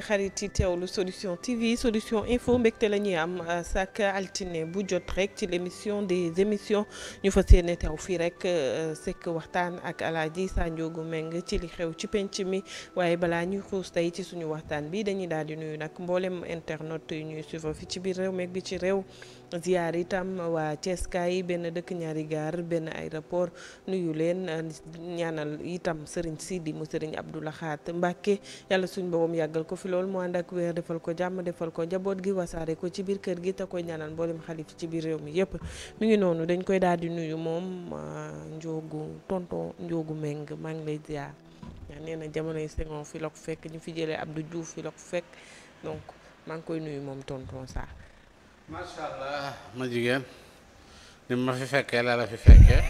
xarit yi lu solution TV solution info mbégte la ñuy am sak euh, altine bu jot rek ci l' émission des émissions ñu fas yéene teew fii rek euh, sekk waxtaan ak alaaji Sanjoogu Meng ci li xew ci penc mi waaye balaa ñuy xuus tey ci suñu waxtaan bi dañuy daal di nuyu nag mboolem internet yu ñuy suivre fi ci biir réew meeg bi ci réew. ziar itam waa Ceeskaay benn dëkk ñaari gaar benn aéroport nuyu leen euh, ñaanal itam sëriñ Sidi mu sëriñ Abdou Lahad Mbacke yàlla suñ boobam yàggal ko fi lool moo ànd ak weer defal ko jàmm defal ko njaboot gi wasaare ko ci biir kër gi te koy ñaanal mboolem xalif ci biir réew mi yëpp mi ngi noonu dañ koy daal di nuyu moom euh, njoogu tonton njoogu meng maa ngi lay ziar ndax na jamonoy Senghor fi la ko fekk ñu fi jëlee Abdou Diouf fi la ko fekk donc maa ngi koy nuyu moom tonton saa macha allah ma jigéen ni ma fi fekkee la la fi fekkee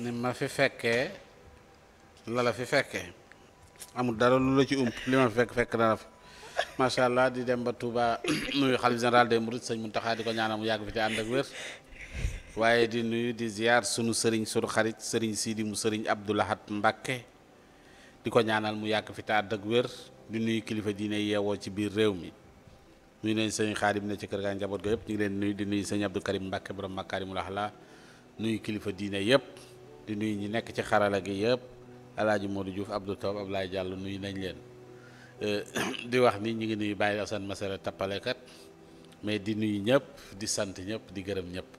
ni ma fi fekkee lala fi fekkee amul dara lu la ci ump li ma fi fekk fekk na la fi macha allah di dem ba Touba nuyu xalif général des mourides sëñ Mountakha di ko ñaanal mu yàgg fi te ak wér di nuyu di sunu sëriñ sunu xarit sëriñ Sidi mu sëriñ Abdou Lahad Mbacké di ko ñaanal mu yàgg fi te ak wér di nuyu kilifa diine yeewoo ci biir réew mi. nuyu nañ sëñ xaadim ne ci kër gaa njaboot ga yëpp ñu ngi leen nuyu di nuyu sëñ Abdou Karim Mbàkke borom Makaarimul Axlaaq nuyu kilifa diine yëpp di nuyu ñi nekk ci xarala gi yëpp alaaji Modou Diouf Abdou Toob Ablaye Diallo nuyu nañ leen eh, di wax ni ñu ngi nuyu Baye Assane Masara tappalekat mais di nuyu ñëpp di sant ñëpp di gërëm ñëpp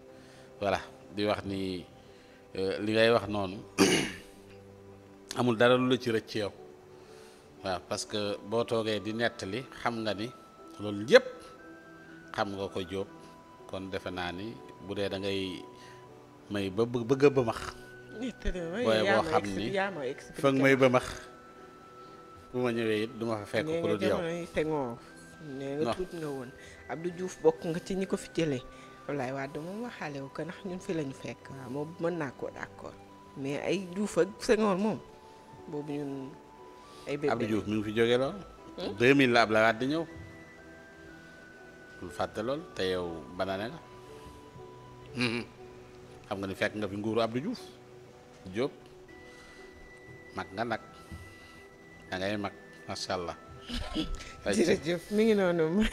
voilà di wax ni eh, li ngay wax noonu amul dara lu la ci rëcc yow waaw parce que boo toogee di nettali xam nga ni loolu yëpp xam nga ko jóob kon defe naa ni bu dee dangay may ba bëgg a bëmax waaye boo xam ni fa nga may bëmax bu ma ñëwee it du ma fa fekk ku dul yow nee nga tuut nga woon Abdou Diouf bokk nga ci ñi ko fi jëlee Abdoulaye Wade moom waxaale wu kanax ndax ñun fi lañu fekk waaw moom mën naa ko d'accord mais ay Diouf ak Senghor moom boobu ñun ay bébé Abdou Diouf mi ngi fi jógee lool 2000 hmm? la Abdoulaye Wade di ñëw mu fàtte lool te yow banaane la mm-hmm. xam nga ni fekk nga fi nguuru Abdou Diouf Diop mag nga nag da ngay mag macha allah. mi ngi noonu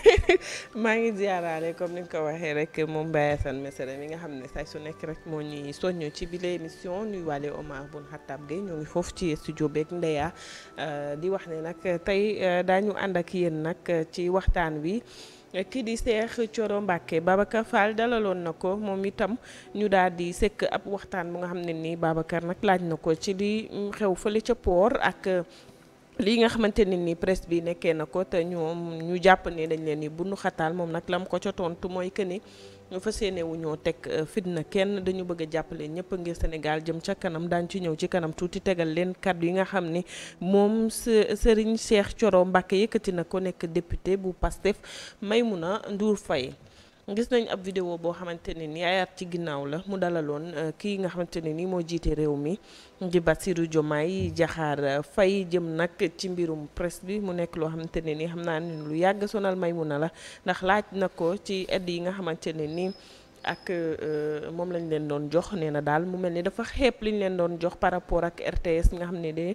maa ngi ziaraale comme ni nga ko waxee rek moom Mbaye Assane Mesere mi nga xam ne saa su nekk rek moo ñuy soññ ci bile émission nuy waale Omar Boun Khattab Gueye ñoo ngi foofu ci studio beeg Ndeya euh, di wax ne nag tey euh, daañu ànd ak yéen nag ci waxtaan wi. kii di Cheikh coro Mbacké Babacar Fall dalaloon na ko moom itam ñu daal di sekk ab waxtaan bu nga xam ne nii Babacar nag laaj na ko ci di xew fële ca poor ak. lii nga xamante ne ni presse bi nekkee na ko te ñoom ñu jàpp ne dañ leen ni bundu xataal moom nag lam ko ca tontu mooy que ni fas yéene wu ñoo teg euh, fitna kenn dañu bëgg a jàppale ñëpp ngir Sénégal jëm ca kanam daañu ci ñëw ci kanam tuuti tegal leen kàddu yi nga xam ni moom Serigne Cheikh coro Mbacké yëkkati na ko nekk député bu PASTEF Maïmouna Ndour Faye gis nañ ab vidéo boo xamante ne ni ayaat ci ginnaaw la mu dalaloon euh, kii nga xamante ne ni moo jiite réew mi di Bassirou Diomaye Diakhar fay jëm nag ci mbirum presse bi mu nekk loo xamante ne ni xam naa ne lu yàgg sonal Maimouna la ndax laaj na ko ci aide yi nga xamante ne ni ak euh, moom lañ leen doon jox nee na daal mu mel ni dafa xeeb liñ leen doon jox par rapport ak RTS nga xam ne de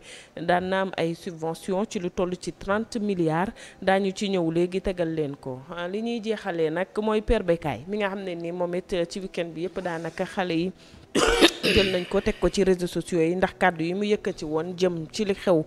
daan na ay subvention ci lu toll ci 30 milliards daañu ci ñëw léegi tegal leen ko ah, li ñuy jeexalee nag mooy Père Bécaye mi nga xam ne ni moom it ci weekend bi yëpp daanaka xale yi jël nañ ko teg ko ci réseaux sociaux yi ndax kàddu yi mu yëkkati woon jëm ci li xew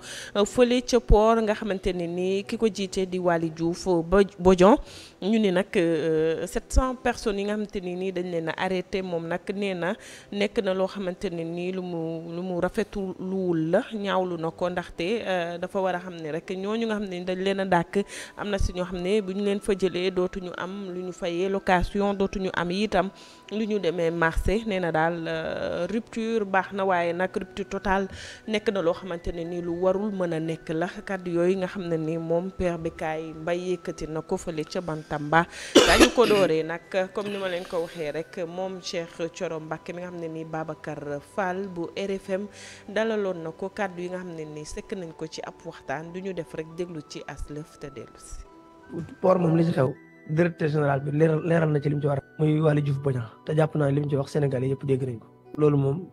fële ca nga xamante ne nii ki ko jiite diwaali Waly Diouf euh, ba Bodian ñu ni nag 700 euh, personnes yi nga xamante ni nii dañ leen a arrêté moom nag nee na nekk na loo xamante ne nii lu mu lu mu rafetu luwul la ñaawlu na ko ndaxte euh, dafa war a xam ne rek ñooñu nga xam ne dañ leen a dàkk am na si ñoo xam ne bu ñu leen fa jëlee dootuñu am lu ñu fayee location dootuñu am itam lu ñu demee marché nee na daal euh, rupture baax na waaye nag rupture totale nekk na loo xamante ne nii lu warul mën a nekk la kàddu yooyu nga xam ne nii moom Père Bécaye Mbaye yëkkati na ko fële ca Bantamba dañu ko dooree nag comme ni ma leen ko waxee rek moom Cheikh coro Mbacké mi nga xam ne nii Babacar Fall bu RFM dalaloon na ko kàddu yi nga xam ne ni sekk nañ ko ci ab waxtaan du ñu def rek déglu ci aslëf te dellu si. sport moom li ci xew. directeur général bi leeral leeral na ci li ci war muy Waly Diouf Bodian te jàpp naa li mu ci wax Sénégalais yëpp dégg nañ ko loolu moom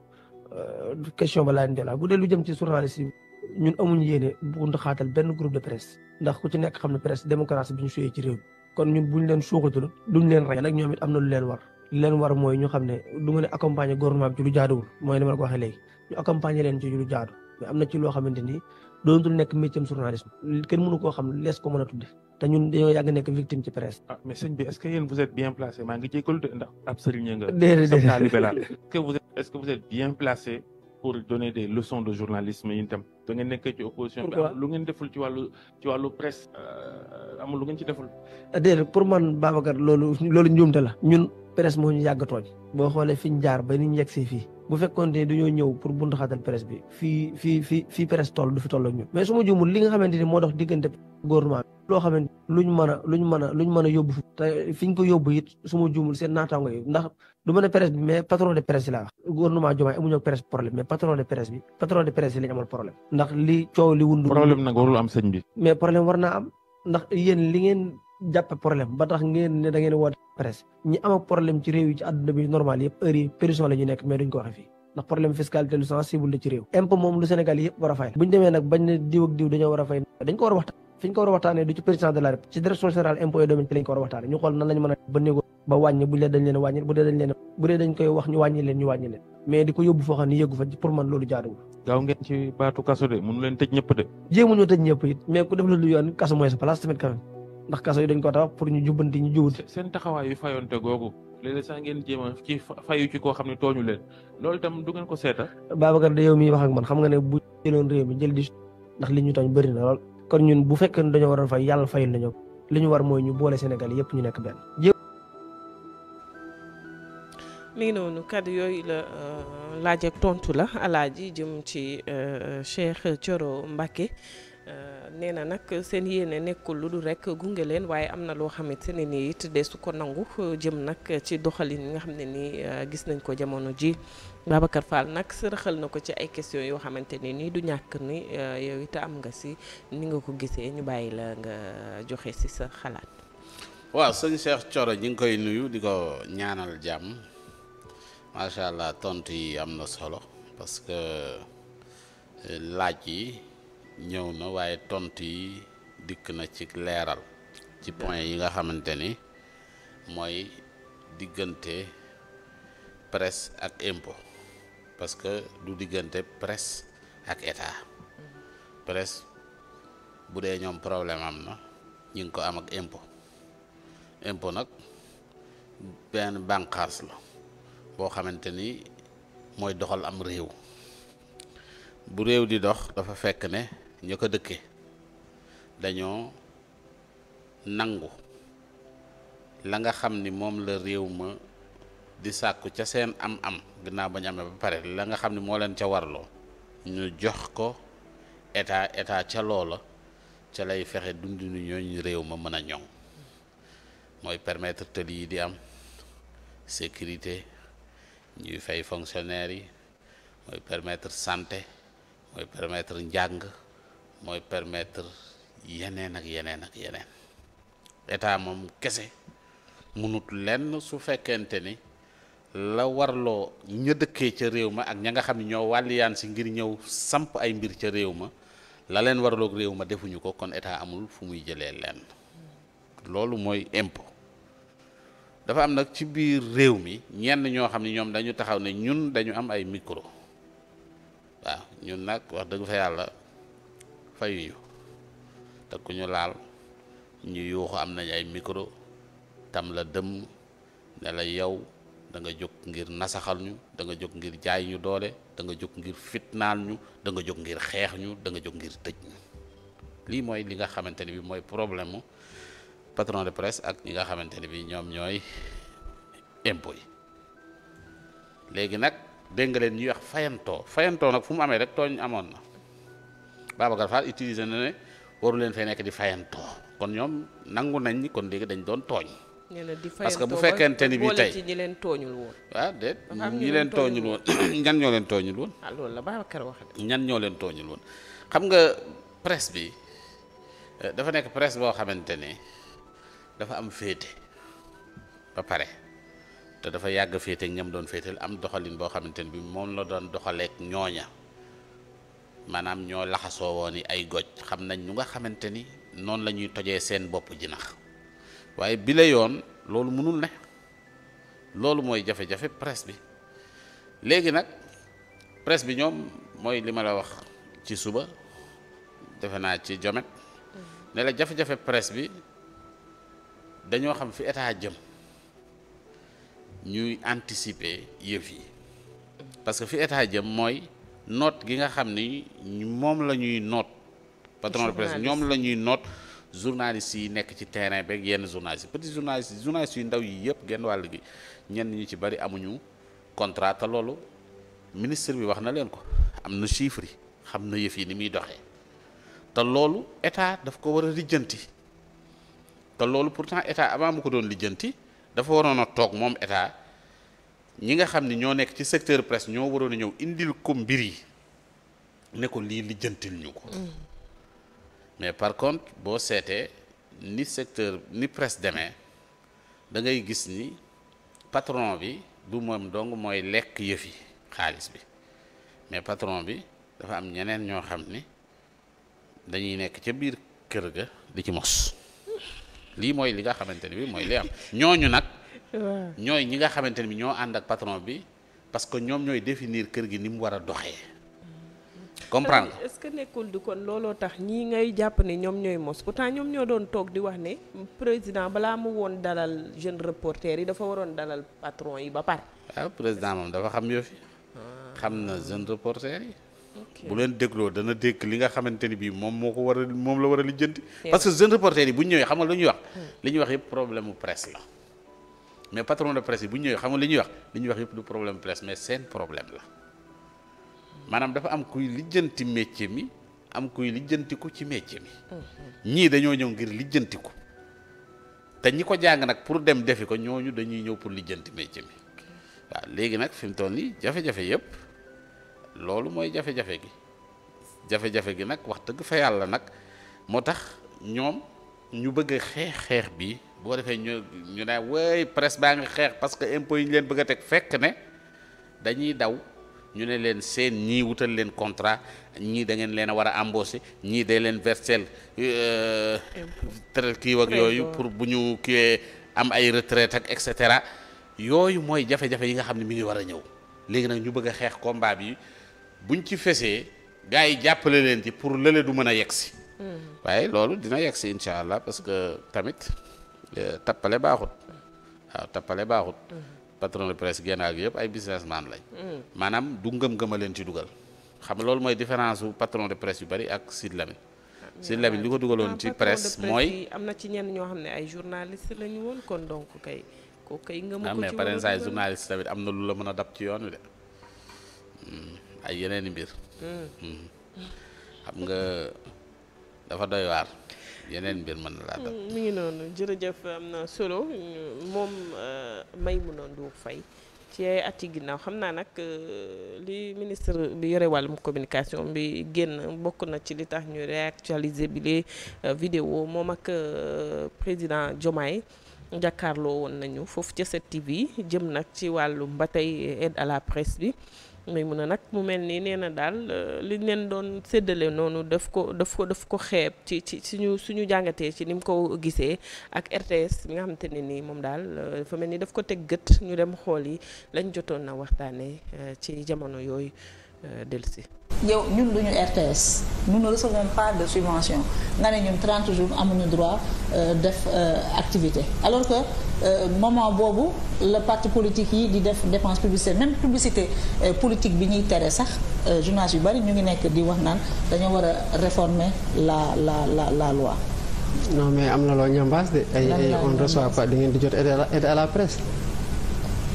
euh, question ba laaj njëlaat bu dee lu jëm ci journaliste yi ñun amuñu yéene bu ñu xaatal benn groupe de presse ndax ku ci nekk xam ne presse démocratie bi ñu suyee ci réew mi kon ñun buñ leen suuxatul duñ leen rey nag ñoom it am na lu leen war li leen war mooy ñu xam ne du ma ne accompagner gouvernement bi ci lu jaaduwul mooy ni waxee léegi ñu leen lu jaadu mais am na loo xamante ni doonatul nekk métier journalisme kenn mënu koo xam lees ko mën a te ñun dañoo yàgg nekk victime ci presse. ah mais sëñ bi est-ce que yéen vous êtes bien placé maa ngi jégalu de ndax ab sëriñ nga. lu ngeen deful ci wàllu ci wàllu euh, amul lu ngeen ci deful. Ah, déedéet pour man Babacar loolu loolu njuumte la. ñun presse moo ñu yàgg tooñ. boo xoolee fi ñu jaar ba ni ñu yegg see fii. bu fekkoon ne dañoo ñëw pour buntu xatal presse bi fii fii fii fii toll du fi toll ak mais su ma juumul li nga xamante ni moo dox diggante gouvernement bi a luñ a luñ mën a yóbbu te fiñ ko yóbbu it su ma juumul seen naataango yi ndax du mën a bi mais patron de presse bi patron de presse yi lañ amal problème ndax li coow li wundu problème nag warul am sëñ bi mais problème war naa am ndax yéen li ngeen jàppe problème ba tax ngeen ne da woote presse ñi am ak ci réew yi ci àdduna bi normal yëpp heure prison la nekk mais duñ ko waxe fii ndax problème fiscalité lu sensible la ci réew impôt moom lu Sénégal yëpp war a fay buñu demee nag bañ ne diw diw dañoo war a fay dañ ko war a waxtaan fi ñu ko war a waxtaanee du ci président de la République ci direction générale impôt et ko war a waxtaane ñu xool nan a ba dañ leen wàññi bu dee dañ koy wax ñu wàññi leen ñu wàññi leen mais di ko yóbbu ndax kaso yi dañ ko tax pour ñu jubbanti ñu jubut seen taxawaay yu fayonte googu léeg-léeg ngeen jéem ci fayu ci koo xam ne tooñu leen loolu tam du ngeen ko seeta Babacar da yow mi wax ak man xam nga ne bu jëloon réew mi jël di ndax li ñu tooñ bëri na lool kon ñun bu fekkee ne dañoo waroon fa yàlla fayul nañu li ñu war mooy ñu boole Sénégal yëpp ñu nekk benn mi ngi noonu kàddu yooyu la euh, laaj ak tontu la alaaji jëm ci euh, Cheikh Thioro Mbacké nee na nag seen yéene nekkul lu dul rek gunge leen waaye am na loo xamante ne nii it de su ko nangu jëm nag ci doxalin yi nga xam ne nii euh, gis nañ ko jamono ji Babacar Fall nag sërëxal na ko ci ay yoo xamante ne nii du ñàkk ni euh, yow it am nga si ni nga ko gisee ñu bàyyi la nga joxe si sa xalaat. waaw sëñ Cheikh Thioro ñi ngi koy nuyu di ko ñaanal jàmm macha allah tontu yi am na solo parce euh, laaj yi. ñëw na waaye tontu yi dikk na ci leeral ci point yi nga xamante ni mooy diggante presse ak impo parce que du diggante press ak état presse bu dee ñoom problème am na ñu ngi ko am ak impo impo nag benn bànqaas la boo xamante ni mooy doxal am réew bu réew di dox dafa fekk ne ña ko dëkkee dañoo nangu la nga xam ni moom la réew ma di sàkku ca seen am-am gannaaw ba ñu amee ba pare la nga xam ni moo leen ca warloo ñu jox ko état état ca loola ca lay fexe dundinu ñooñu réew ma mën a ñoŋ mooy permettre tëli yi di am sécurité ñuy fay fonctionnaires yi mooy permettre santé mooy permettre njàng mooy permettre yeneen ak yeneen ak yeneen état moom kese munut lenn su fekkente ni la warloo ña dëkkee ca réew ma ak ña nga xam ne ñoo wàlliyaan si ngir ñëw samp ay mbir ca réew ma la leen warloog réew ma defuñu ko kon état amul fu muy jëlee lenn loolu mooy impôt dafa am nag ci biir réew mi ñenn ñoo xam ne ñoom dañu taxaw ne ñun dañu am ay micro waaw ñun nag wax dëgg fa yàlla fayuñu te ku ñu laal ñu yuuxu am nañ ay micro tam la dëmm ne la yow danga jóg ngir nasaxal ñu danga jóg ngir jaay ñu doole da nga jóg ngir fitnaal ñu da nga jóg ngir xeex ñu danga nga jóg ngir tëj ñu lii mooy li nga xamante ne bi mooy problème mu patron de presse ak ñi nga xamante ne bi ñoom ñooy impôt yi léegi nag dégg nga leen ñuy wax fayantoo fayantoo nag fu mu amee rek tooñ amoon na Babacar Fall utilisé na ne waru leen fay nekk di fayanto kon ñoom nangu nañ ni kon léegi dañ doon tooñ. parce que bu fekkente ni bi tey ñi leen tooñul woon. waaw ah, ñi leen tooñul woon ñan ñoo leen tooñul woon. ah loolu la ñan ñoo leen tooñul woon xam nga presse bi eh, dafa nekk presse boo xamante ne dafa am féete ba pare te dafa yàgg féete ak ñam doon féetal am doxalin boo xamante ne bi moom la doon doxaleek ñooña. maanaam ñoo laxasoo woon yi ay goj xam nañ ñu nga xamante ni noonu la ñuy tojee seen bopp jinax waaye bi la yoon loolu mënul ne loolu mooy jafe-jafe presse bi léegi nag presse bi ñoom mooy li ma la wax ci suba defe naa ci jomet mm. ne la jafe-jafe presse bi dañoo xam fi état jëm ñuy anticiper yëf yi mm. parce que fi état jëm mooy noot gi nga xam ni moom la ñuy noot patron de ñoom la ñuy noot journalistes yi nekk ci terrain beeg yenn journalistes yi petit journalistes journalistes yu ndaw yii yëpp genn wàll gi ñenn ñu ci bari amuñu contrat te loolu ministre bi wax na leen ko am na chiffre xam na yëf yi ni muy doxee te loolu état daf ko war a lijjanti te loolu pourtant état avant mu ko doon lijjanti dafa waroon a toog moom état ñi nga xam ni ñoo nekk ci secteur presse ñoo waroon a ñëw indil ko mbir yi ne ko lii lijjantil ñu ko. Mm. mais par contre boo seetee ni secteur ni presse demee da ngay gis ni patron bi du moom dong mooy lekk yëfi xaalis bi mais patron bi dafa am ñeneen ñoo xam ni dañuy nekk ca biir kër ga di ci mos lii mooy li nga xamante ne bi mooy li am ñooñu nag. ñooy ñi nga xamante bi ñoo ànd ak patron bi parce que ñoom ñooy définir kër gi ni mu war a doxee. comprendre euh, est ce que nekkul di kon looloo tax ñii ngay jàpp ne ñoom ñooy mos pourtant ñoom ñoo doon toog di wax ne président balaa mu woon dalal jeune reporter yi dafa waroon dalal patron yi ba pare. waaw ah, président moom dafa xam yoo fi ah. xam na jeune reporter yi. bu leen dégloo dana dégg li nga xamante ni bii moom moo ko war moom la war a lijjanti. parce que jeune reporter ñëwee xam nga lu ñuy wax. Hmm. li wax yëpp problème mu mais patron de yi bu ñëwee xam nga li ñuy wax li ñuy wax yëpp du problème presse mais seen problème la maanaam dafa am kuy lijjanti métier mi am kuy lijjantiku ci métier mi. Mm-hmm. ñii dañoo ñëw ngir lijjantiku te ñi ko jàng nag pour dem defi ko ñooñu dañuy ñëw pour lijjanti métier mi waaw léegi nag fi mu toll nii jafe-jafe yëpp loolu mooy jafe-jafe gi jafe-jafe gi nag wax dëgg fa yàlla nag moo tax ñoom ñu bëgg a xeex xeex bi. boo defee ñu ñu ne wéy presse baa ngi xeex parce que impôt yi ñu leen bëgg a teg fekk ne dañuy daw ñu ne leen seen ñii wutal leen contrat ñii da ngeen leen a war a embaucher ñii de leen versel euh, tëral kii ak yooyu pour bu ñu kiwee am ay retraite ak et cetera yooyu mooy jafe-jafe yi nga xam ne mu ngi war a ñëw léegi nag ñu bëgg a xeex combat yi buñ ci fesee gars yi jàppale leen ci pour lële du mën a yegg si hmm. waaye loolu dina yegg si allah parce que tamit Euh, tappale baaxut waaw tappale baaxut patron de presse génnaal ak yëpp ay businessman lañ maanaam du ngëm-ngëma leen ci dugal xam nga loolu mooy différence bu patron de presse yu bari ak Sidy Lamine Sidy ah, Lamine li ko dugaloon ah, ci presse mooy am na ci ñenn ñoo xam ne ay journaliste lañu woon kon donc kay ko kay ngëmu ko ah, ci mais par exemple am na lu la mën a dab ci yoon wi de hmm, ay yeneen i mbir hmm. Hmm. xam nga dafa doy waar yeneen mbir mën na laa dal. Mm, mi ngi noonu jërëjëf am na solo moom euh, Maimouna Ndour Faye ci ay at yi ginnaaw xam naa nag euh, li ministre bi yore wàllum communication bi génn bokk na ci li tax ñu réactualiser bi les euh, vidéos moom ak président Diomaye jàkkaarloo woon nañu foofu ca 7TV jëm nag ci wàllu ba tey aide à la presse bi. may mun a nag mu mel nii nee na daal euh, li leen doon séddale noonu daf ko daf ko daf ko xeeb ci ci suñu suñu jàngatee ci ni mu ko gisee ak RTS bi nga xamante ne nii moom daal euh, dafa mel ni daf ko teg gët ñu dem xool yi lañ jotoon na waxtaanee euh, ci jamono yooyu dellusi yow ñun duñu RTS nous ne recevons pas de subvention nga ne ñun 30 jours amuñu droit euh, def euh, activité alors que euh, moment boobu la parti politique yi di def dépense publicitaire même publicité politique bi ñuy tere sax journalistes yu bari ñu ngi nekk di wax naan dañoo war a réformer la la la la loi. non mais am na loo ñambaas de. ay ay on ne reçoit pas di ngeen di jot aide à la presse.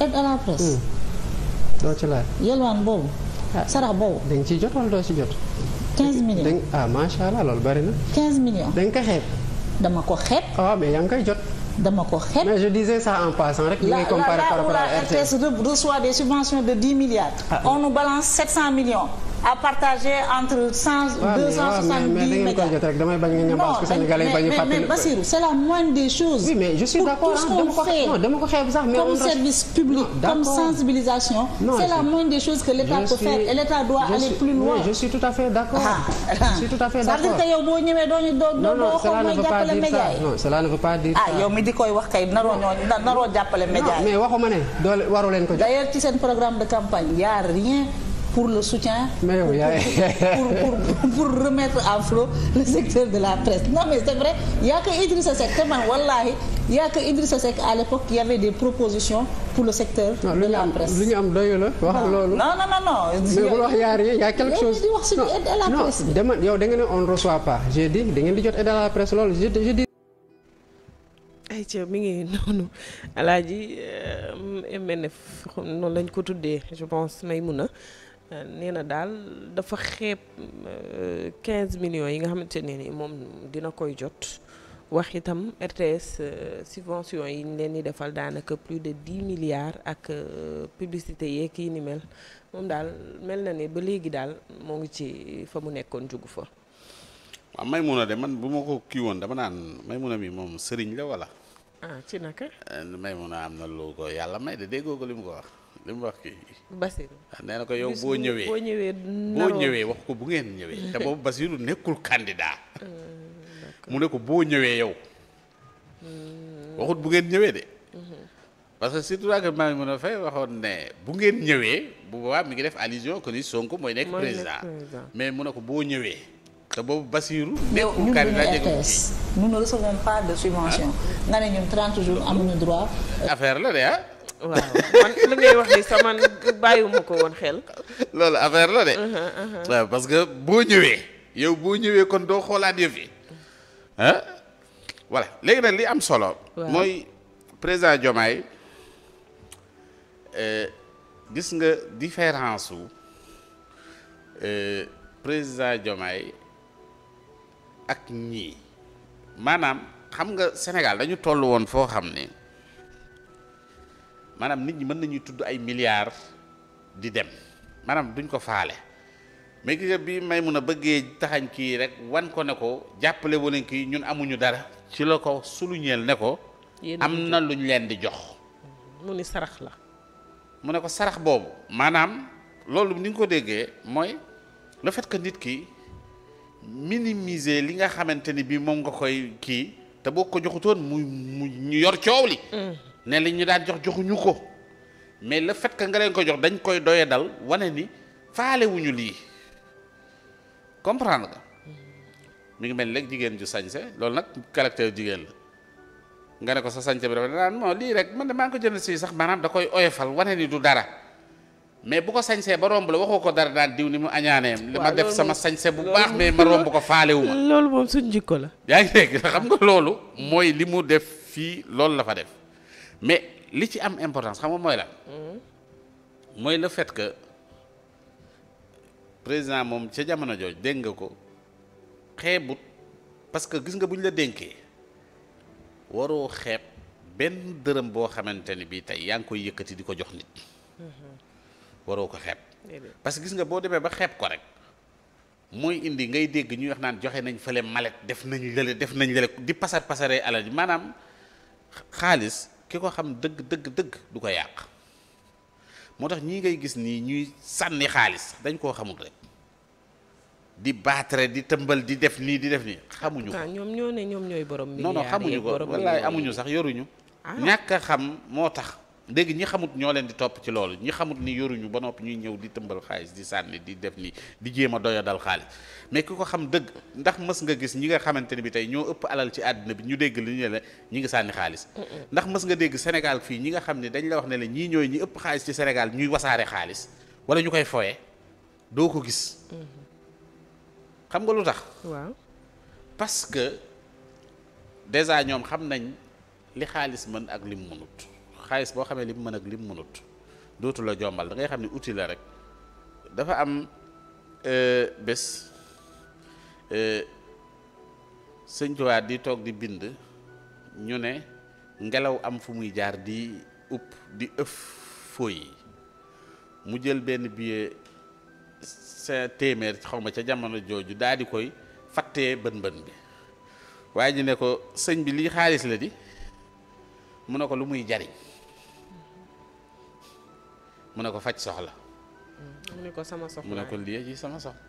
aide à la presse. Hmm. doo ci laaj. yelwaan boobu. sarax boobu. da nga ciy jot wala doo ci jot. 15 ah macha allah loolu bari na. 15 millions da nga ko xeeb. dama ko xeeb. waaw ah, mais yaa ngi koy jot. dama ko xeeb mais je disais ça en passant rek. la la la RTS reçoit des de 10 milliards. Ah. on nous balance 700 à partager entre cent deux cent soixante-dix médias damay bañ nga parce que sénégalais bañ a fàttali mais Bassirou c'est la moindre des choses oui mais je dama ko xeeb sax mais comme service public comme sensibilisation c'est la moindre des choses que l'État doit aller plus loin je suis tout à fait d'accord ah, ah. je suis tout à fait d'accord cest dire que yow boo ñëwee doo ñu doo doo xaw mooy jàppale médias yi non cela ne veut pas dire ah yow mi di koy wax kay naroo ñoo naroo jàppale médias mais waxuma ne doole waru leen ko d'ailleurs ci seen programme de campagne y a pour le soutien. mais yow yaa pour pour pour à flot de la presse non mais c'est vrai y a que Idrissa à l'époque y avait des propositions pour le secteur. Non, de la presse lu ñu am doyu la. wax ah, loolu non non non non. mais bu wax yaa rien y a quelque di wax suñu aide à la presse bi. non yow da ngeen ne on reçoit pas j'ai dit da ngeen di jot aide loolu je dis. ay ca mi ngi noonu alaaji euh, MNF noonu lañ ko tuddee je pense mun a nee na daal dafa xeeb 15 euh, millions yi nga xamante ne ni moom dina koy jot wax itam RTS euh, subvention yi leen di defal daanaka plus de 10 milliards ak euh, publicité yee kii ni mel moom daal mel na ne ba léegi daal moo ngi ci fa mu nekkoon jugu fa. waaw Maymuna de man bu ma ko kii woon dama naan Maymuna mi moom sëriñ la wala. ah ci naka. Maymuna am na lu ko yàlla may de déggoo ko li mu ko wax. li mu wax kii. Basirou ah, nee na ko yow boo ñëwee boo ñëwee boo ko bu ngeen ñëwee. te boobu Basirou nekkul candidat. Ah, mu ne ko boo ñëwee yow. Hmm. waxut bu ngeen ñëwee de. Mhm. parce que surtout ak maa ngi mën a fay waxoon ne bu ngeen ñëwee bu waa mi ngi def allusion que ni Sonko mooy nekk président mais mu ne ko boo ñëwee. te boobu Basirou. nekkul candidat jege ne recevons pas de subvention. Ah. nga jours amuñu droit. affaire la de ah. waaw man li ngay wax ni sama bàyyiwuma ko woon xel. loolu affaire la de. Uh-huh, uh-huh. waaw parce que boo ñëwee. yow boo ñëwee kon doo xoolaat yëf yi ah léegi nag li am solo. mooy président Diomaye euh, gis nga différence su euh, président Diomaye ak ñii maanaam xam nga Sénégal dañu toll woon foo xam ne. maanaam nit ñi mën nañuy tudd ay milliards di dem maanaam duñ ko faale mais gis bi may mun a bëggee taxañ kii rek wan ko ne ko jàppale wu leen kii ñun amuñu dara ci la ko suluñeel ne ko am na luñ leen di jox mu ni sarax la mu ne ko sarax boobu maanaam loolu ni nga ko déggee mooy le fait que nit ki minimiser li nga xamante ni bii moom nga koy kii te boo ko joxutoon mu mu ñu yor coow li mm. ne li ñu daan jox joxuñu ko mais la fait nga leen ko jox dañ koy doye dal wane ni faalewuñu lii comprendre nga mi ngi mel ni jigéen ju sañse loolu nag caractère jigéen la nga ne ko sa sañse bi dafa naan non lii rek man de maa ngi ko jënd si sax maanaam da koy oyofal wane ni du dara mais bu ko sañsee ba romb la waxoo ko dara naan diw ni mu añaaneem li ma def sama sañse bu baax mais ma romb ko faalewu loolu moom suñ jikko la yaa ngi dégg xam nga loolu mooy li mu def fii loolu la fa def mais li ci am importance xam nga mooy la mm-hmm. mooy le fait que président moom ca jamono jooj dégg nga ko xeebut parce que gis nga bu ñu la dénkee waroo xeeb benn dërëm boo xamante ni bii tey yaa ngi koy yëkkati di ko jox nit mm-hmm. waroo ko xeeb parce que gis nga boo demee ba xeeb ko rek mooy indi ngay dégg ñuy wax naan joxe nañ fële malet def nañ lële def nañ lële di pasar pasaree alal ji maanaam xaalis ki ko xam dëgg dëgg dëgg du ko yàq moo tax ñii ngay gis nii ñuy sànni xaalis dañ koo xamul rek di baatre di tëmbal di def nii di def nii xamuñu ko ah, ñoom ñoo ne ñoom ñooy borom. milliards non non xamuñu ko wallaay amuñu sax yoruñu. Ah. ñàkk a xam moo tax. léegi ñi xamut ñoo leen di topp ci loolu ñi xamut ni yoruñu ba noppi ñuy ñëw di tëmbal xaalis di sànni di def nii di jéem a doya dal xaalis mais ki ko xam dëgg ndax mës nga gis ñi nga xamante ni bi tey ñoo ëpp alal ci àddina bi ñu dégg li ñu ne la ñi ngi sànni xaalis ndax mës nga dégg senegal fii ñi nga xam ne dañ la wax ne la ñii ñooy ñi ëpp xaalis ci Sénégal ñuy wasaare xaalis wala ñu koy foye doo ko gis mm-hmm. xam nga lu tax waaw parce que déjà ñoom xam nañ li xaalis mën ak li xaalis boo xamee li mu mën ak li mu mënut dootu la jombal da xam ne uti la rek dafa am euh, bés euh, sëñ di toog di bind ñu ne ngelaw am fu muy jaar di upp di ëf fooy yi mu jël benn billet sa téeméer xaw ma ca jamono jooju daal di koy fatte bën bën bi waaye ñu ne ko sëñ bi lii xaalis la di mu ne ko lu muy jariñ mu ne ko faj soxla. mu ne ko sama soxla mu ne ko lii ci sama soxla.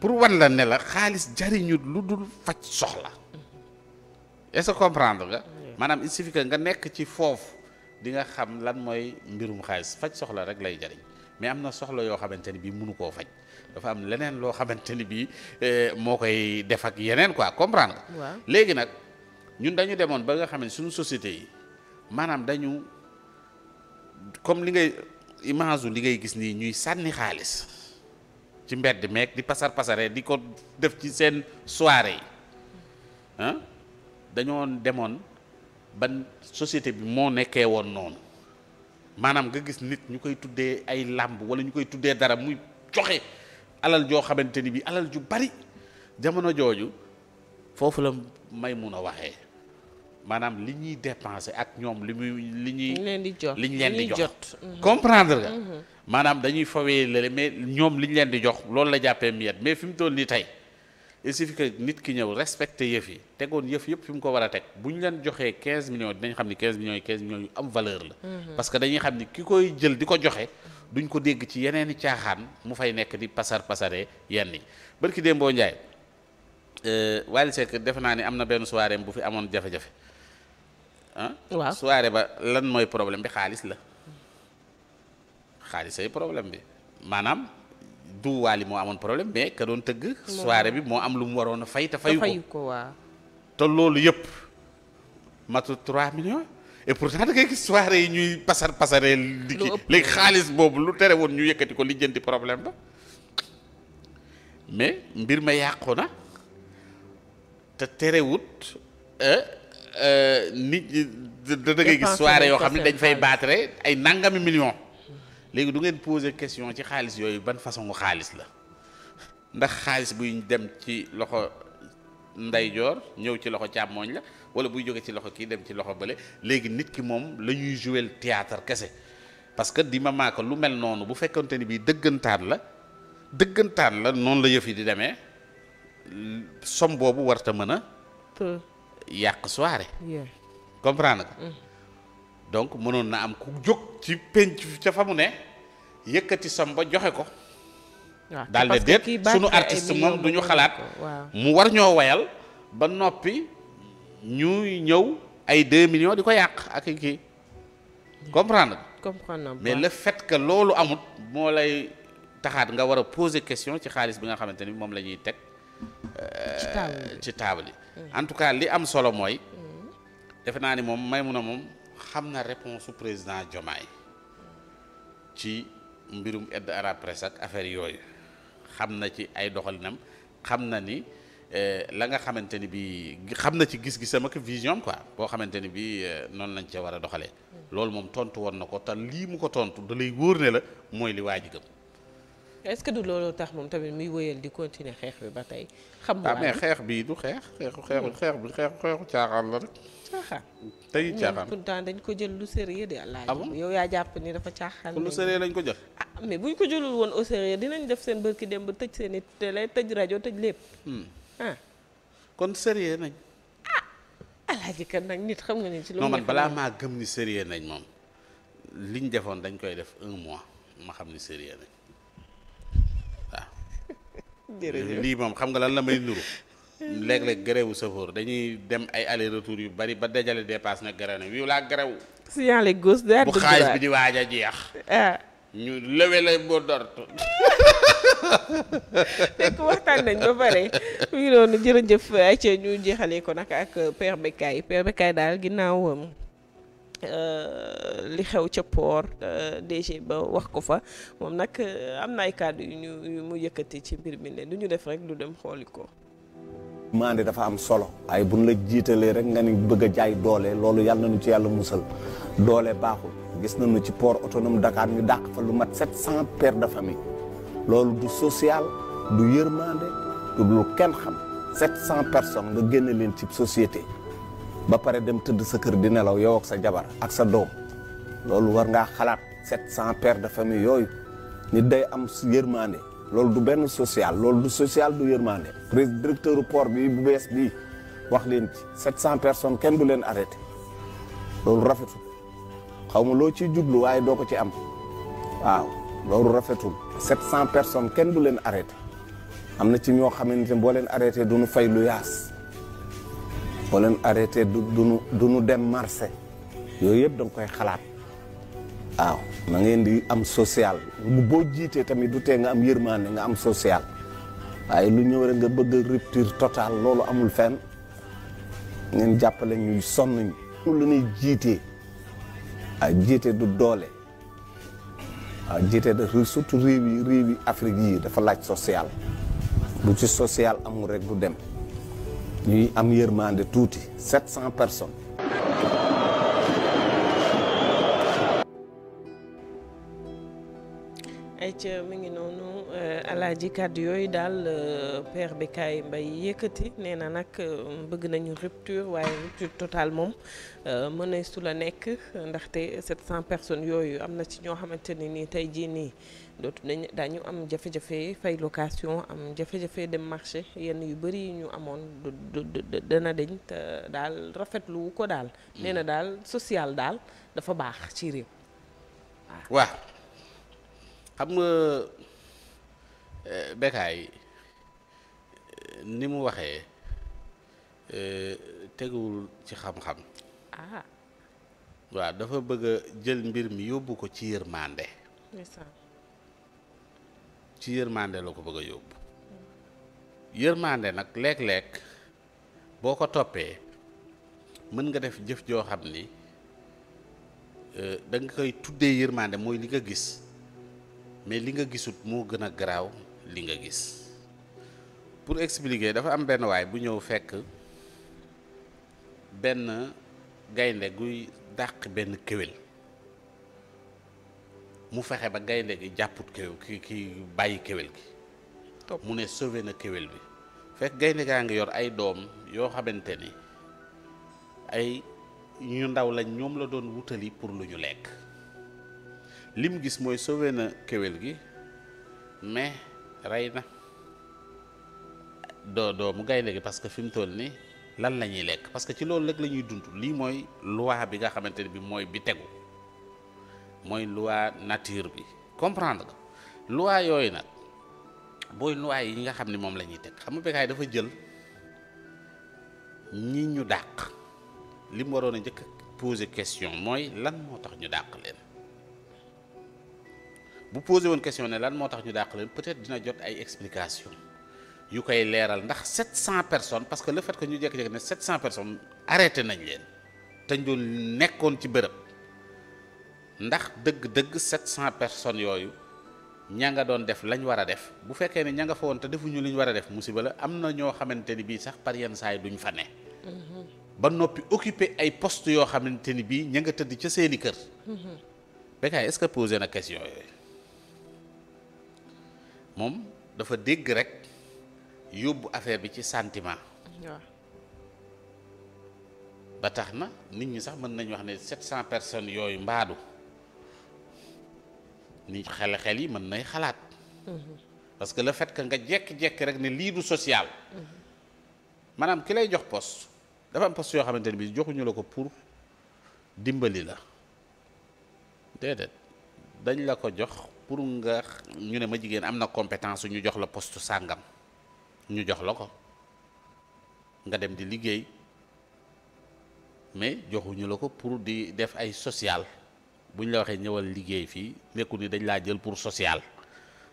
pour wan la ne la xaalis jariñu lu dul faj soxla. est comprendre nga. maanaam il nga nekk ci foofu di nga xam lan mooy mbirum xaalis faj soxla rek lay jariñ mais am na soxla yoo xamante ni bii mënu koo faj. dafa am leneen loo xamante ni bii eh, moo koy def ak yeneen quoi comprendre nga. léegi nag ñun dañu demoon ba nga xam ne suñu société yi maanaam dañu comme li ngay image li ngay gis nii ñuy sànni xaalis ci mbedd meeg di pasar pasaree di ko def ci seen soirée dañoo demoon ban société bi moo nekkee woon noonu maanaam nga gis nit ñu koy tuddee ay làmb wala ñu koy tuddee dara muy joxe alal joo xamante ni bi alal ju bari jamono jooju foofu la may mun a waxee maanaam li ñuy dépenser ak ñoom li muy li ñuy. leen di jot li ñu leen di jox mhm. comprendre nga. Mhm. maanaam dañuy fawee lële mais ñoom li ñu leen di jox loolu la jàppee miette mais fi mu toll nii tey il suffit que nit ki ñëw respecté yëf yi tegoon yëf yëpp fi mu ko war a teg bu ñu leen joxee 15 millions dinañ xam ni 15 millions yi 15 millions yu am valeur la. Mhm. parce que dañuy xam ni ki koy jël di ko joxe. duñ ko dégg ci yeneen i caaxaan mu fay nekk di pasar pasare yenn yi barki Dembo Ndiaye euh, Wally Seck defe naa ni am na benn soirée bu fi amoon jafe ah waaw soirée ba lan mooy problème bi xaalis la xaalis ay problème bi maanaam du waali moo amoon problème mais ka doon tëgg soirée bi moo am lu mu waroon a fay te fayu ko waaw te loolu yëpp matu 3 millions et pour da ngay gis soirée yi ñuy pasar pasaree li ki léegi xaalis boobu lu tere woon ñu yëkkati ko lijjanti problème ba mais mbir ma yàqu na te terewut euh, Euh, nit ñi da da ngay gis soirée yoo xam ne dañ fay baatre ay nangami million léegi du ngeen poser question ci xaalis yooyu ban façon xaalis la ndax xaalis buy dem ci loxo ndeyjoor ñëw ci loxo càmmooñ la wala buy jóge ci loxo kii dem ci loxo bële léegi nit ki moom la ñuy jouer théâtre kese parce que di ma lu mel noonu bu fekkante ni bii dëggantaan la dëggantaan la noonu la yëf yi di demee som boobu warta mën a yàq soirée. comprendre nga. Mm. donc mënoon na am ku jóg ci penc ca fa mu ne yëkkati sam ba joxe ko. daal ne déet sunu artiste moom du xalaat. mu war ñoo wayal ba noppi ñuy ñëw ay 2 millions di ko yàq ak kii comprendre nga. comprendre mais le fait loolu amut moo lay taxaat nga war a poser question ci xaalis bi nga xamante ni moom la ñuy teg. Euh, ci table yi en tout cas li am solo mooy defe naa ni moom may mun a moom xam na réponse su président Diomaye ci mbirum aide à la ak affaire yooyu xam na ci ay doxalinam xam na ni euh, la nga xamante ni bi xam na ci gis-gisam ak vision quoi boo xamante ni bi euh, noon lañ cee war a doxalee mm. loolu moom tontu woon na ko te lii mu ko tontu da lay wóor ne la mooy li waa ji est-ce que du looloo tax moom tamit muy wëyal di continuer xeex bi ba tey. xam nga ah, mais xeex bii du xeex. xeexu xeexu xeex bi xeexu xeexu caaxaan la rek. caaxaan tey caaxaan pourtant dañ ko jël lu sérieux de allah. Ah yow yaa jàpp ni dafa caaxaan. lu sérieux lañ ko jël. ah mais buñ ko jëlul woon au sérieux def seen bërki dem ba tëj seen i télé tëj rajo tëj lépp. Hmm. ah. kon sérieux nañ. ah alaaji kan nag nit xam nga ni ci. lu man balaa maa gëm ni sérieux nañ moom liñ defoon dañ koy def un mois ma xam ni sérieux nañ. jërëjëf lii moom xam nga lan la may nuru. léeg-léeg gërëwu safoor dañuy dem ay aller retour yu bari ba dajale dépasse nag gërëw na wii laa gërëw. signalé gauche daal bu xaalis bi di waaj a jeex. Ah. ñu lewe la boo dort. fekk waxtaan nañ ba pare mi ngi noonu jërëjëf ayca ñu jeexalee ko nag ak Père Bécaye Père Bécaye daal ginnaaw. Euh, Euh, li xew ca port euh, DG ba wax ko fa moom nag euh, am na ay kàddu yu ñu yu mu yëkkati ci mbir mi ne du ñu def rek du dem xooli ko. maande dafa am solo ay bu buñ la jiitalee rek nga ni bëgg a jaay doole loolu yàlla nañu ci yàlla musal doole baaxul gis nañu ci port autonome Dakar ñu dàq fa lu mat 700 pères de famille loolu du du yërmande du lu kenn personnes nga génne leen ci société ba pare dem tëdd sa kër di nelaw yow ak sa jabar ak sa doom. loolu war ngaa xalaat sept cent pères de famille yooyu nit day am yërmande loolu du benn social loolu du social du yërmande président directeur port bii bu bees bii wax leen ci sept cent personnes kenn du leen arrêté loolu rafetul xaw ma loo ciy jublu waaye doo ko ci am waaw loolu rafetul sept cent personnes kenn du leen arrêté am na ci ñoo xamante ne boo leen arrêté du ñu fay lu yaas boo leen arrêté du du ñu du ñu dem marché yooyu yëpp da koy xalaat waaw na ngeen di am social boo jiitee tamit du tee nga am yërmaande nga am social waaye lu ñëw rek nga bëgg rupture totale loolu amul fen ngeen jàppale ñuy sonn ñu lu ñuy jiite waaw jiite du doole a jiite da surtout réew yi réew Afrique yii dafa laaj social bu ci social amul rek du dem ñuy am yërmaande tuuti sept cent personnes ca mi ngi noonu euh, alaaji kadd yooyu daal euh, père Bécaye mbay yëkkati nee na nag euh, bëgg nañu rupture waaye rupture totale moom mënees su la nekk ndaxte 700 personnes yooyu am na ci ñoo xamante ne nii tey jii nii dootu nañ daañu am jafe-jafe fay location am jafe-jafe dem marché yenn yu bëri yi ñu amoon du du dana deñ te daal rafetlu ko daal. Mm. nee daal social daal dafa baax ci réew xam nga eh, Bécaye ni mu waxee eh, teguwul ci xam-xam. ah. dafa bëgg a jël mbir mi yóbbu ko ci yërmande. ci yërmande la ko bëgg a yóbbu. yërmande nag léeg-léeg boo ko toppee mën nga def jëf joo xam ni eh, da nga koy tuddee yërmande mooy li nga gis. mais li nga gisut moo gën a garaaw li nga gis pour expliquer dafa am benn waay bu ñëw fekk benn gaynde guy dàq benn kéwél mu fexe ba gaynde gi jàpput kéwél ki ki bàyyi kéwél gi mu ne sauvé na kéwél bi fekk gaynde gaa ngi yor ay doom yoo xamante ni ay ñu ndaw lañ ñoom la doon wutali pour lu ñu lekk li mu gis mooy sauvé na kéwél gi mais rey na doo doomu gaynde gi parce que fi mu toll nii lan la ñuy lekk parce que ci loolu rek la ñuy dund lii mooy loi bi nga xamante ne bi mooy bi tegu mooy loi nature bi comprendre nga yooyu nag booy loi yi nga xam ni moom la ñuy teg xamu nga dafa jël ñi ñu dàq li mu waroon a njëkk a question mooy lan moo tax ñu dàq leen. bu posé woon question ne lan moo tax ñu dàq leen peut-être dina jot ay explications yu koy leeral ndax 700 personnes parce que le fait que ñu jékki-jékki ne 700 personnes arrêté nañ leen te ñu nekkoon ci bërëb ndax dëgg-dëgg 700 personnes yooyu ña nga doon def lañ war a def bu fekkee ne ña nga fa woon te defuñu li ñu war a def musiba la am na ñoo xamante ni bii sax par yenn saa yi duñ fa ne. Mm-hmm. ba noppi occupé ay postes yoo xamante ni bii ña nga tëdd ca seeni kër. Mm-hmm. Bécaye est-ce que na question yooyu. moom dafa dégg rek yóbbu affaire bi ci santiment waaw ba tax na nit ñi sax mën nañu wax ne 700 personnes yooyu mbaadu nit xel xel yi mën nay xalaat. Mm-hmm. parce que le fait nga jekk-jekk rek ne lii du social. Mm-hmm. maanaam ki lay jox poste dafa am yoo xamante ne bii joxuñu la ko pour dimbali la déedéet dañ la ko jox. pour nga ñu ne ma jigéen am na compétence ñu jox la poste sàngam ñu jox la ko nga dem di liggéey mais joxuñu la ko pour di def ay sociale bu ñu la waxee ñëwal liggéey fii nekkul ni dañ laa jël pour social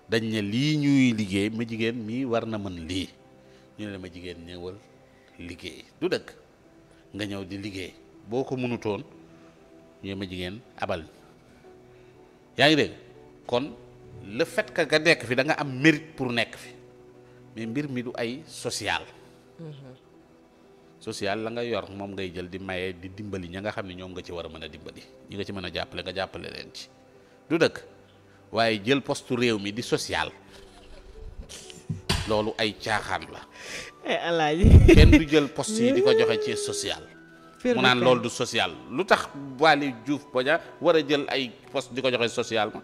dañ ne lii ñuy liggéey ma jigéen mii war na mën lii ñu ne ma jigéen ñëwal liggéey du dëkk nga ñëw di liggéey boo ko mënutoon ñu ma jigéen abal yaa ngi dégg kon le fait que nga nekk fi da nga am mérite pour nekk fi mais mbir mi du ay social. sociale la nga yor moom ngay jël di maye di dimbali ña nga xam ne ñoom nga ci war a mën a dimbali ñi nga ci mën a jàppale nga jàppale leen ci du dëkk waaye jël postu réew mi di social loolu ay caaxaan la. ay eh, alaaji kenn du jël post yi di ko joxe ci social. mu naan lool du sociale lu tax Waly Diouf Bodiang war a jël ay post di ko joxe social ma.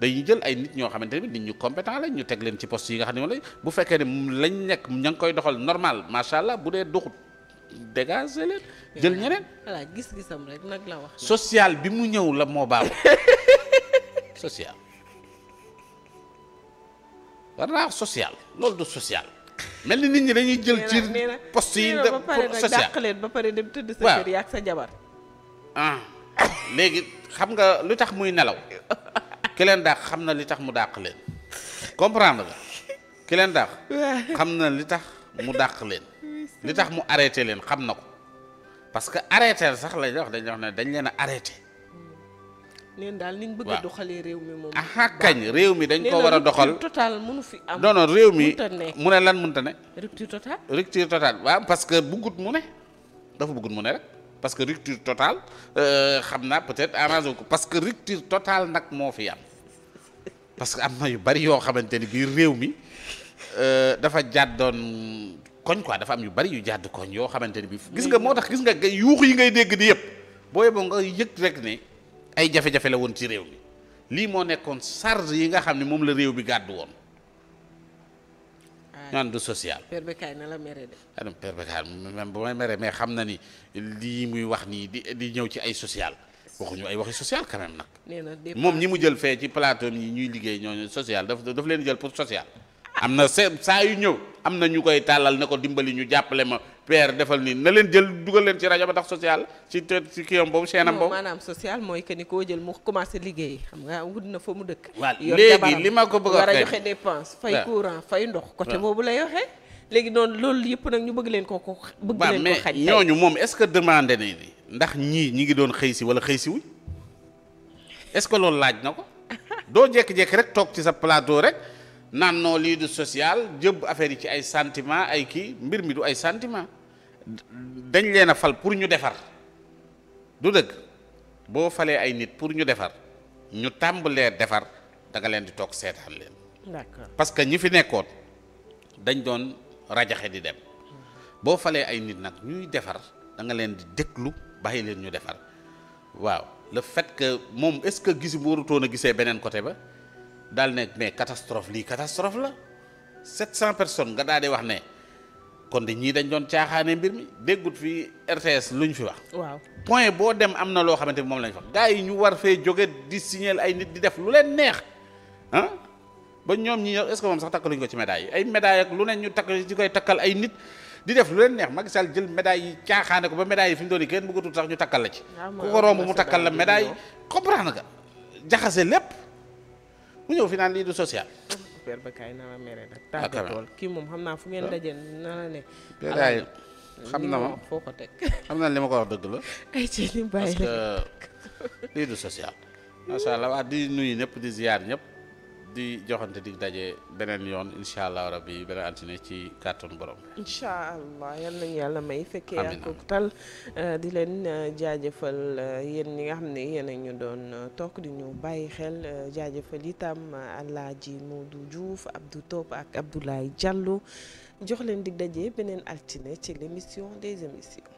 dañuy jël ay nit ñoo xamante ne nit ñu compétent lañ ñu teg leen ci poste yi nga xam ne moom lañ bu fekkee ne lañ nekk ña ngi koy doxal normal macha allah bu dee duxut dégagé leen jël ñeneen. voilà gis-gisam rek la wax. social bi mu ñëw la moo baaxul social. war naa wax social du social. mel ni nit ñi dañuy jël ci post yi. de pour social dàq leen ba pare dem tëdd sa kër yaa sa jabar. Ah. léegi xam nga lu tax muy nelaw. ki leen dàq xam na li tax mu dàq leen comprendre ki leen dàq. xam na li tax mu dàq leen. li tax mu arrêté leen xam na ko parce que arrêté sax lañ wax dañ wax ne dañ leen a arrêté. neen hmm. daal ni ñu bëgg a doxalee réew mi moom. ah kañ réew mi dañ ko war a doxal rupture totale mënu fi am. réew mi mu ne lan mënta ne. rupture totale. rupture totale waaw parce que bëggut mu ne dafa bëggut mu ne rek. parce que rupture totale euh, xam naa peut-être arrangé ko parce que rupture totale nag moo fi am parce que am na yu bari yoo xamante ni biir réew mi euh, dafa jàddoon koñ quoi dafa am yu bari yu jàdd koñ yoo xamante ni bii. gis nga moo tax gis nga yuux yi ngay dégg di yëpp booy boo nga yëg rek ne ay jafe-jafe la woon ci réew mi lii moo nekkoon charge yi nga xam ni moom la réew bi gàddu woon. ñu naan du social. père Bécaye na la mere de. père bu may mere mais xam na ni lii muy wax nii di di ñëw ci ay social. ñu ay waxi social quand même nag. moom ñi mu jël fee ci plateau yi ñuy liggéey ñooñu social daf daf leen jël pour social. am na se saa yu ñëw am na ñu koy tàllal ne ko dimbali ñu jàppale ma père defal nii na leen jël dugal leen ci rajo ba tax social ci ci kiyam boobu chaîne am boobu maanaam social mooy que ni koo jël mu commencé liggéey xam nga wut na fa mu dëkk waaw léegi li ma ko bëgg a wax war a côté boobu lay léegi noonu loolu yëpp nag ñu bëgg leen ko ko bëgg leen ko xaj mais ñooñu moom est-ce que demande nañ ni ndax ñii ñi ngi doon xëy si wala xëy si wuñ est-ce que loolu laaj na ko doo jékki-jékki rek toog ci sa plateau rek naan non lii du social jëbb affaire yi ci ay santiment ay kii mbir mi du ay sentiment dañ leen a fal pour ñu defar du dëkk boo falee ay nit pour ñu defar ñu tàmbalee defar da nga leen di toog seetaan leen. d'accord parce que ñi fi nekkoon dañ doon rajaxe di dem boo falee ay nit nag ñuy defar da nga leen di déglu bàyyi leen ñu defar waaw la fait que moom est-ce que gis warutoon a gisee beneen côté ba. daal ne mais catastrophe lii catastrophe la 700 personnes nga daal di wax ne kon de ñii dañ doon caaxaane mbir mi déggut fi RTS luñ fi wax. waaw point boo dem am na loo xamante ni moom lañ fa gars yi ñu war fee jóge di signaler ay nit di def lu leen neex ah ba ñoom ñi est-ce que moom sax takkaluñ ko ci médailles ay médailles ak lu ne ñu takk ci koy takkal ay nit. di def lu leen neex Macky Sall jël médaille yi caaxaane ko ba médaille yi fi mu doon kenn bëggatul sax ñu takkal ci. Ah, ku ko romb mu takkal la médaille comprendre nga jaxase lépp. mu ñëw fi naan lii du social. père Bakay na la mere nag. Ah, tàggat tool kii moom xam naa fu ngeen ah. dajee na la ne. alal xam na ma foo ko teg. xam na li ma ko dëgg la. ay ci li bàyyi la parce lii du social. macha allah waa di nuyu ñëpp di ziar ñëpp. di joxante di daje beneen yoon incha allah rabbi beneen altine ci kàttan borom. incha allah yal nañu yàlla may fekkee ak tal eh, di leen eh, jaajëfal eh, yéen ñi nga xam ne yéen a ñu doon toog di ñu bàyyi xel jaajëfal itam Alaaji Modou Diouf Abdou Top ak Abdoulaye Diallo jox leen dig daje beneen altine ci l' émission des émissions.